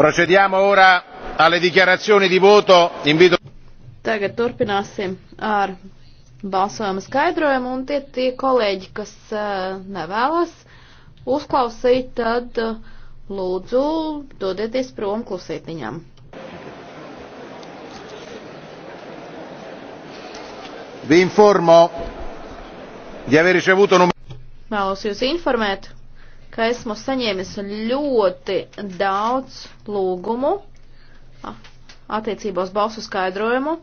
Procediamo ora alle dichiarazioni di voto. Invito... Tagad turpināsim ar balsojumu skaidrojumu un tie, tie kolēģi, kas uh, nevēlas uzklausīt, tad uh, lūdzu dodieties prom klusītiņam. Vi informo di aver ricevuto un... Vēlos jūs informēt, ka esmu saņēmis ļoti daudz lūgumu attiecībā uz balsu skaidrojumu.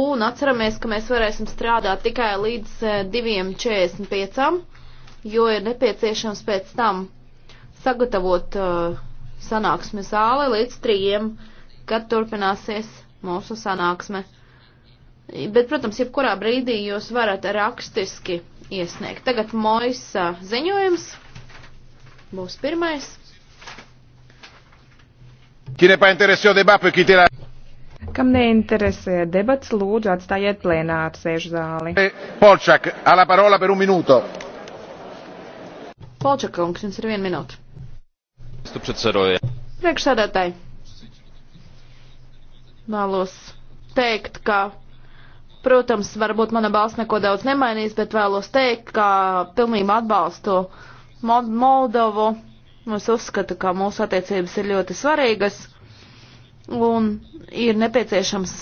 Un atceramies, ka mēs varēsim strādāt tikai līdz 2.45, e, jo ir nepieciešams pēc tam sagatavot uh, e, sanāksmi zāli līdz 3, kad turpināsies mūsu sanāksme. Bet, protams, jebkurā brīdī jūs varat rakstiski iesniegt. Tagad Moisa ziņojums būs pirmais. Kam neinteresē debats, lūdzu atstājiet plēnāru sēžu zāli. Eh, Polčak, ala parola per un minūto. Polčak, kungs, jums ir viena minūte. Priekšsēdētāji, vēlos teikt, ka Protams, varbūt mana balss neko daudz nemainīs, bet vēlos teikt, ka pilnībā atbalstu Moldovu. Es uzskatu, ka mūsu attiecības ir ļoti svarīgas un ir nepieciešams